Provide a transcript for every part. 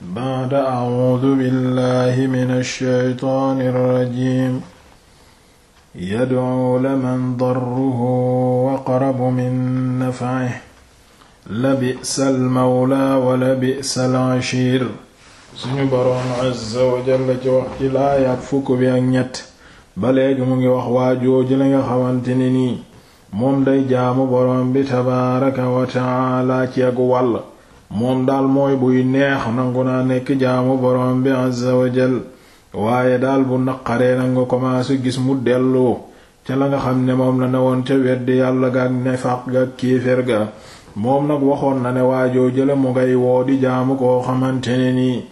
baada acuudu billahi min alsheytaan alrajim yadcuu laman darruhu waqrabu min nafcihi labisa almawla wa labisa alcashir suñu boroom azza wa jalla ci wax ci laayaat fukk bi ak ñett ba léegi mu ngi wax waajooji la nga xamante ne nii moom day jaamu boroom bi tabaaraka wa tacaala ci ak wàll moom daal mooy buy neex nangu naa nekk jaamu borom bi azza waaye daal bu naqaree na nga commencé gis mu dellu ca la nga xam ne moom la ne woon ca weddi yàlla ga ak nefaq ga ak kéefér ga moom nag waxoon na ne waajoo jële mu ngay woo di jaamu koo xamante ne nii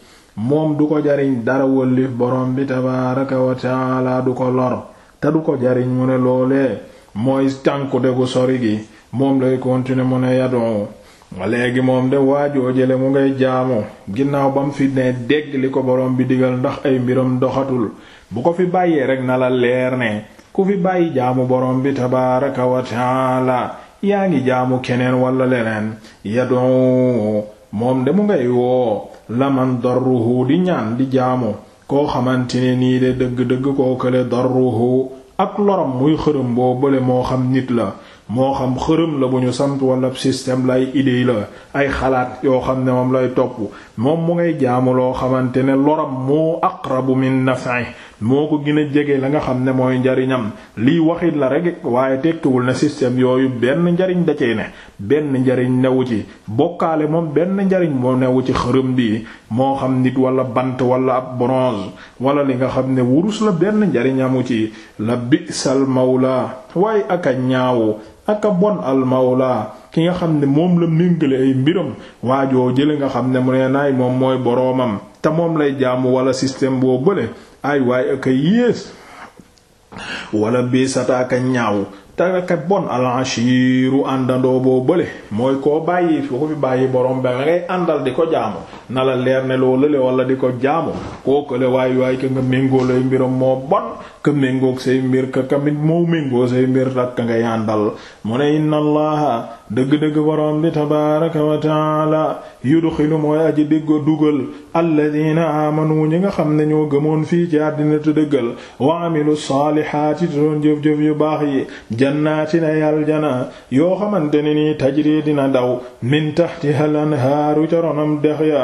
moom du ko jariñ dara wëllif borom bi tabaaraka wa taala du ko lor te du ko jariñ mu ne loolee mooy cànku degu sori gi moom lay continuer mu ne yadu léegi moom de waajoo jële mu ngay jaamu ginnaaw ba fi ne dégg li ko borom bi digal ndax ay mbiram doxatul bu ko fi bàyyee rek na la leer ne ku fi bàyyi jaamu borom bi tabaaraka yaa ngi jaamu keneen wala leneen yadoo moom de mu ngay woo laman darruhu di ñaan di jaamu koo xamante ne nii de dëgg-dëgg koo kële darruhu ak loram muy xërëm boo bële moo xam nit la moo xam xërëm la bu ñu sant wala système la ay idée la ay xalaat yoo xam ne moom lay topp moom mu ngay jaamu loo xamante ne loram moo aqrabu min naf'i moo ko gën jege la nga xam ne mooy njariñam lii waxit la rek waaye tekkiwul na système yooyu benn njariñ da cee ne benn njariñ newu ci bokkaale moom benn njariñ moo newu ci xërëm bi moo xam nit walla bant wala ab bronze wala li nga xam ne wurus la benn njariñ amu ci la bi'sal mawla waaye ak a a bon almawla ki nga xam ne moom la méngale ay mbiram waajoo jële nga xam ne mu nee naay moom mooy boroomam te moom lay jaamu wala système boo bële ay waay aka yées wala biisata aka ñaaw te bon alanchiru àndandoo boo bële mooy koo bàyyi fi ko bàyyi borom ba ngay àndal di ko jaamu na la leer ne loo lële wala di ko jaamu koo kële waay waay ka nga méngoo lay mbiram moo bon ka méngoog say mbir ka kamit moo méngoo say mbir ak nga yàndal mu ne inna allaha dëgg-dëgg boroom bi tabaaraka wa taala yudxilu mooy aji diggo dugal alladina aamanu ñi nga xam ne ñoo gëmoon fii ci àddina te dëggal wa amilu saalihaati te doon jëf-jëf yu baax yi jannaatin ay aljana yoo xamante ne nii tajri dina daw min tahtiha al anhaaru ca ronam dex ya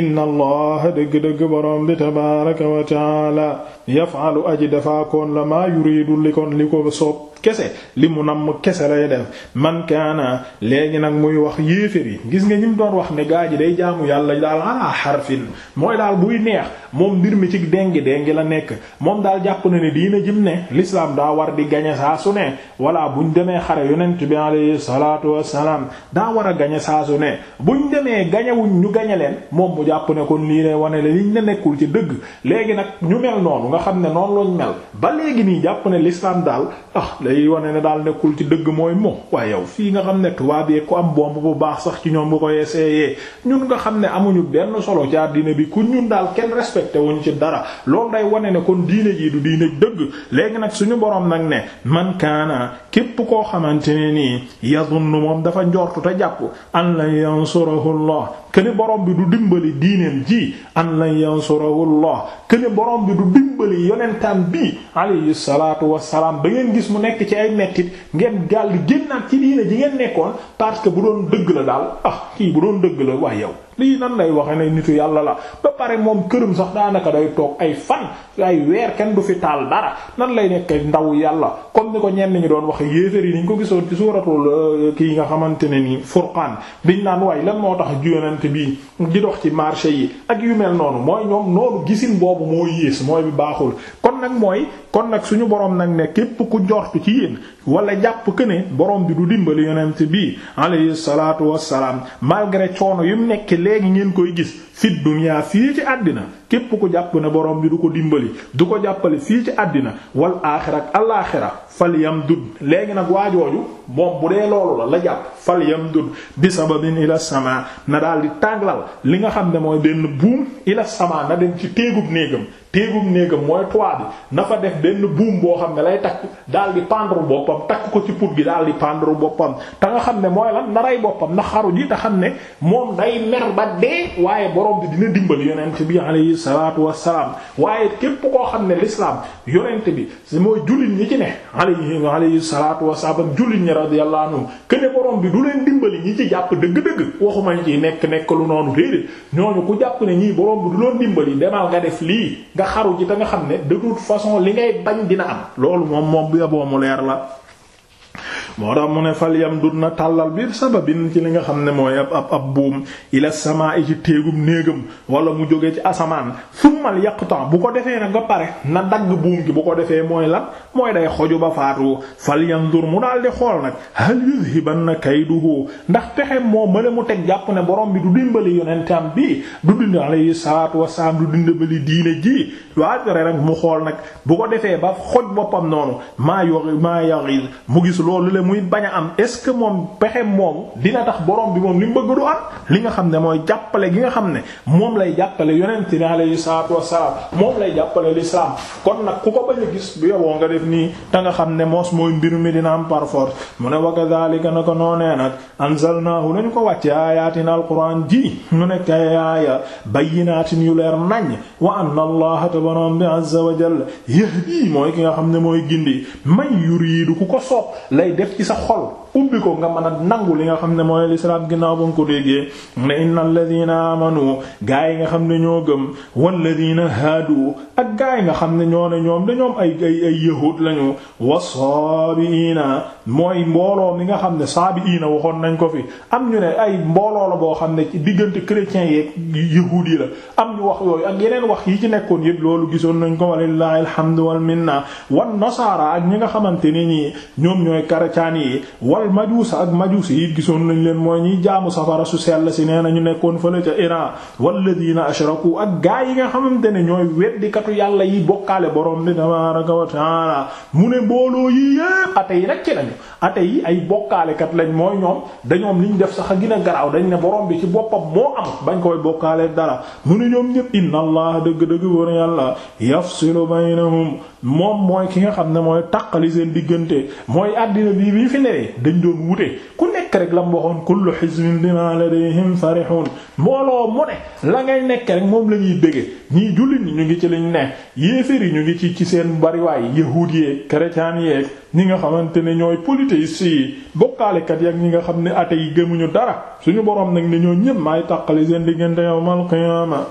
inna allaha dëgg-dëgg boroom bi tabaraka wa taala yafaalu aji dafaa koon la maa yuriidu li kon li ko sopp kese li mu namm kese lay dem man kaana léegi nag muy wax yéefér yi gis nga ñi mu doon wax ne gaa ji day jaamu yàlla daal ala xarfin mooy daal buy neex moom mbir mi ci déngi ngi la nekk moom daal jàpp na ne diina jim ne l'islam daa war di gañe saa su ne walla buñ demee xare yonent bi alayhi salaatu wassalaam daa war a gañe saa su ne buñ demee gañewuñ ñu gañe leen moom mu jàpp ne kon lii ne wane la liñ ne nekkul ci dëgg léegi nag ñu mel noonu nga xam ne noonu lañ mel ba léegi nii jàpp ne l'islam daal ah lay wone ne daal nekkul ci dëgg mooy moom waaye yow fii nga xam ne tubaab yi ku am bomb bu baax sax ci ñoom bu ko essayé ñun nga xam ne amuñu benn solo ci ñun respecté wuñ ci dara loolu day wane ne kon diine jii du diine dëgg léegi nag suñu boroom nag ne man kaana képp koo xamante ne nii yazunnu moom dafa njortu te jàpp an lan yansurahu Allah kene borom bi du dimbali diineem ji an lan yansurahu Allah kene borom bi du dimbali yonentam bi alayhi salaatu wassalaam ba ngeen gis mu nekk ci ay mettit ngeen gàll génnaat ci diine ji ngeen nekkoon parce que bu doon dëgg la daal ah kii bu doon dëgg la waaye yow lii nan sax daanaka day toog ay fan ay weer kenn du fi taal dara nan lay nekk ndaw yàlla kon ni ko ñenn ñi doon waxe yéefar yi ni ñu ko gisoon ci suuratul euh, kii nga xamante ne nii furqaan biñ naan waay lan moo tax juyonante bi di dox ci marché yi ak yu mel noonu mooy ñoom noonu gisin boobu moo yées mooy bi baaxul kon nag mooy kon nag suñu borom nag ne képp ku njortu ci yéen wala jàpp que ne borom bi du dimbali yonent bi alayhi salaatu wassalaam malgré coono yu mu nekk léegi ngeen koy gis fit dunya fii ci àddina képp ku jàpp ne borom bi du ko dimbali du ko jàppale fii ci àddina wal aaxira ak alaaxira fal yamdud léegi nag waa waajooju moom bu dee loolu la la jàpp fal yamdud bi sababin ila sama na daal di tànglal li nga xam ne mooy benn buum ila samaa na dem ci téegub néegam téegub néegam mooy toit bi na fa def benn buum boo xam ne lay takk daal di pendre boppam takk ko ci put bi daal di pendre boppam te nga xam ne mooy lan na rey boppam na xaru ji te xam ne moom day mer ba dee waaye borom bi dina dimbal yonent bi alayhi salaatu wassalaam waaye képp koo xam ne l'islam alayhi alayhi salaatu wa salaam jullit ñi radiyallahu anhu kene borom bi du leen dimbali ñi ci jàpp dëgg-dëgg waxuma ñi ci nekk nekk lu noonu déedéet ñooñu ku jàpp ne ñii borom bi du loon dimbali demal nga def lii nga xaru ji te nga xam ne de façon li ngay bañ dina am loolu moom moom bi aboo mu leer la moo tax mu ne fal yam dut na tàllal biir sababin ci li nga xam ne mooy ab ab ab buum ila samaa i ci néegam wala mu jógee ci asamaan summal yaqta bu ko defee nag ba pare na dagg buum bu ko defee mooy lan mooy day xoju ba faatu fal mu daal di xool nag hal yuzhibanna kayduhu ndax pexe moo mële mu teg jàpp ne borom bi du dimbali yonentam bi du dindi alayhi salaatu wasalaam du dimbali diine ji waajare rek mu xool nag bu ko defee ba xoj boppam noonu maa yo maa yaxiis mu gis loolu muy bañ am est-ce que moom pexe moom dina tax boroom bi moom li mu bëgg du am li nga xam ne mooy jàppale gi nga xam ne moom lay jàppale yonent bi alayhi salaatu wassalaam moom lay jàppale l'islam kon nag ku ko bañ a gis bu yoboo nga def nii te nga xam ne moos mooy mbir mi dina am par force mu ne wa kadhalika na ko noonee nag anzalnaahu lañ ko wàcce ayaatin alquran ji ñu nekk ay aaya bayyinaatin yu leer nañ wa anna allaha tabaram bi azza wa jalla yahdi mooy ki nga xam ne mooy gindi man yuriidu ku ko soob lay ci sa xol ubbi ko nga man a nangu li nga xam ne mooy lislaam ginnaaw ba nga ko déggee ne inna alladina amanu gaa yi nga xam ne ñoo gëm walladina haadu ak gaa yi nga xam ne ñoo ne ñoom dañoom ay ay ay yahud lañu wasaabiina mooy mbooloo mi nga xam ne saabiina waxoon nañ ko fi am ay mbooloo la boo xam ne ci diggante chrétiens yeeg yahuud yi la am wax yooyu ak yeneen wax yi ci nekkoon yëpp loolu gisoon nañ ko walillahi alhamdu wal minna wan ak ñi nga xamante ne ñoom ñooy karacaan yi wal majuus ak majuus yi gisoon nañ leen mooy ñiy jaamu safara su sell si nee na ñu nekkoon fële ca Iran walladiina ashraku ak gaa yi nga xamante ne ñooy weddikatu yàlla yi bokkaale borom bi tabaaraka wa taala mu ne mbooloo yi yépp ate yi nag ci lañu ay bokkaalekat lañ mooy ñoom dañoom liñ def sax a gën dañ ne borom bi ci boppam moo am bañ koy bokkaale dara mu ne ñoom ñépp inna allah dëgg-dëgg war yàlla yafsilu baynahum moom mooy ki nga xam ne mooy taqali seen diggante mooy àddina bii bi fi newee dañ doon wute ku nekk rek la mu waxoon kullu hizbin bimaa ladayhim farihun mbooloo mu ne la ngay nekk rek moom la ñuy bëgge ñii jullit ñi ñu ngi ci liñ ne yéefér yi ñu ngi ci ci seen bariwaay yahuud yeeg chrétien yeeg ñi nga xamante ne ñooy polythéistes yi bokkaalekat yi ak ñi nga xam ne athée yi gëmuñu dara suñu borom nag ne ñoo ñëpp maay taqali seen diggante yawmal qiyaama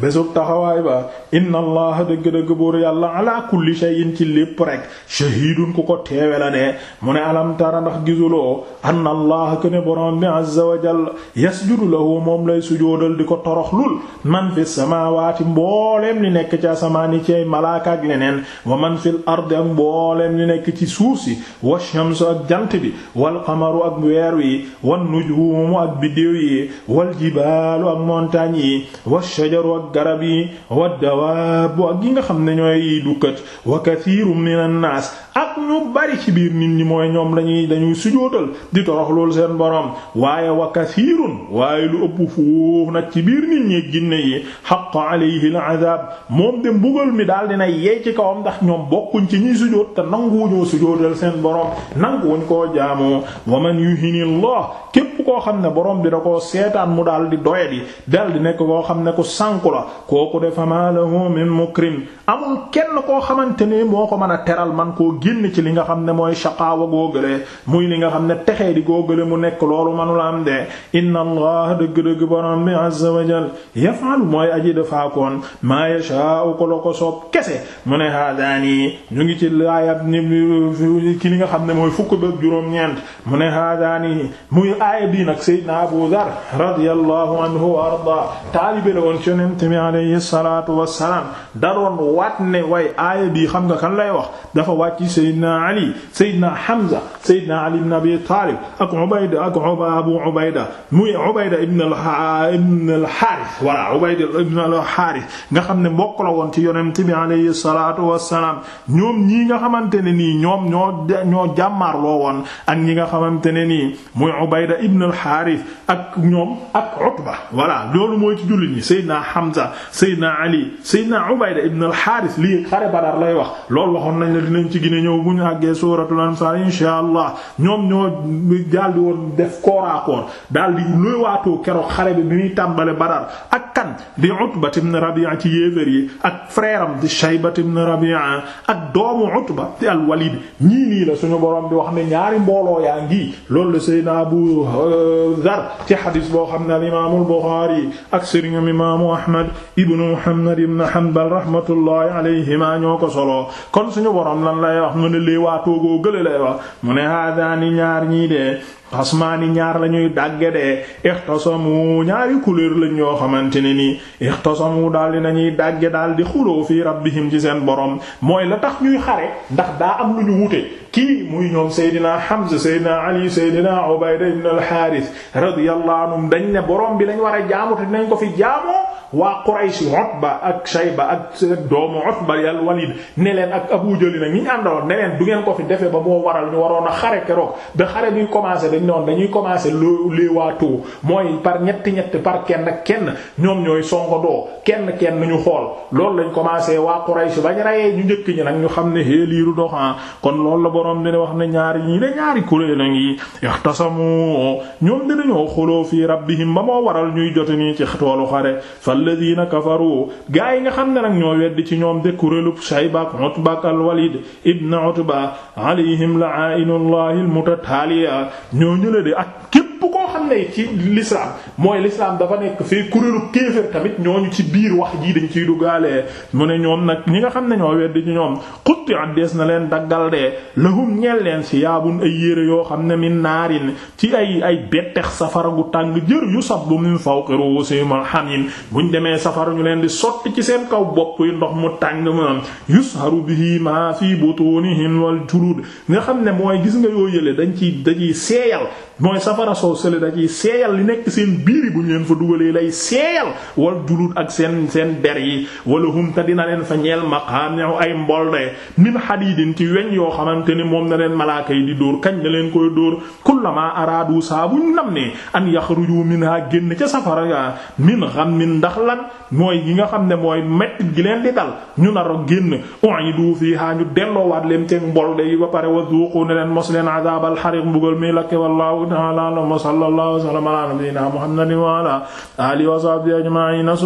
bésub taxawaay ba inna allaha dëgg-dëgg buur yàlla ala kulli shay'in ci lépp rek shahidun ku ko teewe la de mu ne alam ndax gisuloo anna allaha kene borom bi azza wa jalla yasjudu lahu moom lay sujoodal di ko toroxlul man fi samaawaati mbooleem li nekk ci asamaani ci ay malaaka ak leneen wa man fil ardi ak mbooleem li nekk ci suuf si wa shamsu ak jant bi wal qamaru ak weer wi wan nujuumu ak biddew yi wal jibaalu ak montagne yi wa shajaru ak garab yi wa dawaab ak nga xam ne ñooy dukkat wa kathiirun minan naas ak ñu bari ci biir nit ñi mooy ñoom dañuy dañuy sujootal di torox loolu seen borom waaye wa kathiirun waaye lu ëpp foofu nag ci biir nit ñi ginne yi haqqa alayhi al-azaab moom de mbugal mi daal dina yey ci kawam ndax ñoom bokkuñ ci ñuy sujoot te nanguwuñoo sujootal seen borom nanguwuñ koo jaamoo wa man yuhini Allah képp koo xam ne borom bi da koo seetaan mu daal di doyadi dal di nekk koo xam ne ku sànku la kooku de fama lahu min mukrim amul kenn koo xamante ne moo ko mën a teral man koo génn ci li nga xam ne mooy shaqaawa góogale muy li nga xam ne texee di góogale mu nekk loolu manula am de inna allaha dëgg-dëgg borom bi azza wa jal mooy aji dafaakoon maa yashaa'u ko la ko soob kese mu ne haadaani ñu ngi ci laayab ni ki li nga xam ne mooy fukk ba mu ne haadaani muy aaya bii nag Seydina Abu Dhar radiyallahu anhu wa ardaa taalibe la woon ci yonent bi alayhi salaatu wassalaam daroon waat ne way aaya bii xam nga kan lay wax dafa wàcc Seydina Ali Seydina Hamza Seydina Ali ibn Abi Taalib ak Ubayda ak Abu Ubayda muy Ubayda ibn al-Haaris wala Ubayda ibn al-Haaris nga xam ne mbokk la woon ci yonent bi alayhi salaatu wassalaam ñoom ñii nga xamante ne nii ñoom ñoo ñoo jàmmaarloo woon ak ñi nga xamante ne nii muy Ubayda ibn al Harith ak ñoom ak Utba voilà loolu mooy ci jullit ñi Seydina Hamza Seydina Ali Seydina Ubayda ibn al Harith lii xare Badar lay wax loolu waxoon nañ la dinañ ci gine ñëw bu ñu àggee suuratul Ansaar insha Allah ñoom ñoo daldi woon def kooraakoor daldi luy waatoo keroog xare bi bi ñuy tàmbale Badar ak kan di Utba ibn Rabi'a ci yéeféer yi ak frère di Shayba ibn Rabi'a ak doomu Utba di al Walid ñii la suñu borom bi wax ne ñaari mbooloo yaa ngi loolu la Dhar ci xadis boo xam ne al imaamu al-Buxaari ak sëriñam imaamu Ahmad ibnu Muhammad ibnu Hanbal rahmatullahi alayhima ñoo ko soloo kon suñu borom lan lay wax mu ne lii waa toogoo gële lay wax mu ne haadaani ñaar ñii de xasmaani ñaar la ñuy dàgge de ixtasamu ñaari couleur lañ yoo xamante ne nii ixtasamu daal di nañuy dàgge daal di xuloo fii rabbihim ci seen borom mooy la tax ñuy xare ndax daa am lu ñu wute kii muy ñoom Seydina Hamza Seydina Ali Seydina Ubayda ibn al-Harith radiyallahu anhum dañ ne borom bi lañu war a jaamu te dinañ ko fi jaamoo waa Quraysh Utba ak Shayba ak doomu Utba al Walid ne leen ak Abu Jahl nag ñi ñu àndaloon ne leen du ngeen ko fi defee ba moo waral ñu waroon a xare keroog ba xare commencé dañ noonu dañuy commencé le les waatoo mooy par ñetti ñetti par kenn kenn ñoom ñooy songandoo kenn kenn ñu xool loolu lañ commencé waa Quraysh bañ rayee ñu njëkk ñi nag ñu xam ne hee lii du ah kon loolu la borom dina wax ne ñaari ñii de ñaari kuréel a ngi yaxtasamu ñoom dinañoo xuloo fi rabbihim ba moo waral ñuy jote nii ci toolu xare alladina kafaru gaa yi nga xam ne nag ñoo weddi ci ñoom de kuréelub Shayba ak Utba ak al-Walid ibn Utba alayhim la'inullah al-mutataliya ñoo ñële de ak képp ko xam mooy l'islam dafa nekk fee kuréelu kéefër tamit ñooñu ci biir wax jii dañ ciy dugaalee mu ne ñoom nag ñi nga xam ne ñoo weddi ci ñoom xutti addees na leen daggal dee lahum ñeel leen si yaabun ay yëre yoo xam ne min naarin ci ay ay bettex safara gu tàng jër yu sabbu min fawqi yi hamim ñu demee safara ñu leen di sotti ci seen kaw bopp yi ndox mu tàng ma yusharu bihi ma fi butunihim wal julud nga xam ne mooy gis nga yoo yële dañ ci dañuy seeyal mooy safara soo sële da ciy seeyal li nekk seen biir yi bu ñu leen fa dugalee lay seeyal wal julud ak seen seen der yi wala hum te dina leen fa ñeel maqaam ñaw ay mbolde min hadidin ci weñ yoo xamante ni moom na leen malaaka yi di dóor kañ na leen koy dóor kullama araadu saa buñ nam ne an yaxruju minha génn ca safara ya min xam min ndax lan mooy yi nga xam ne mooy mettit gi leen di dal ñu nar a génn u'idu fiha ñu delloowaat leen teeg mbolde yi ba pare wa zuqu ne leen mos leen adabal xariq mbugal mi lakke wallahu ta'ala wa sallallahu alayhi wa sallam ala nabiyyina muhammadin wa ala alihi wa sahbihi ajma'in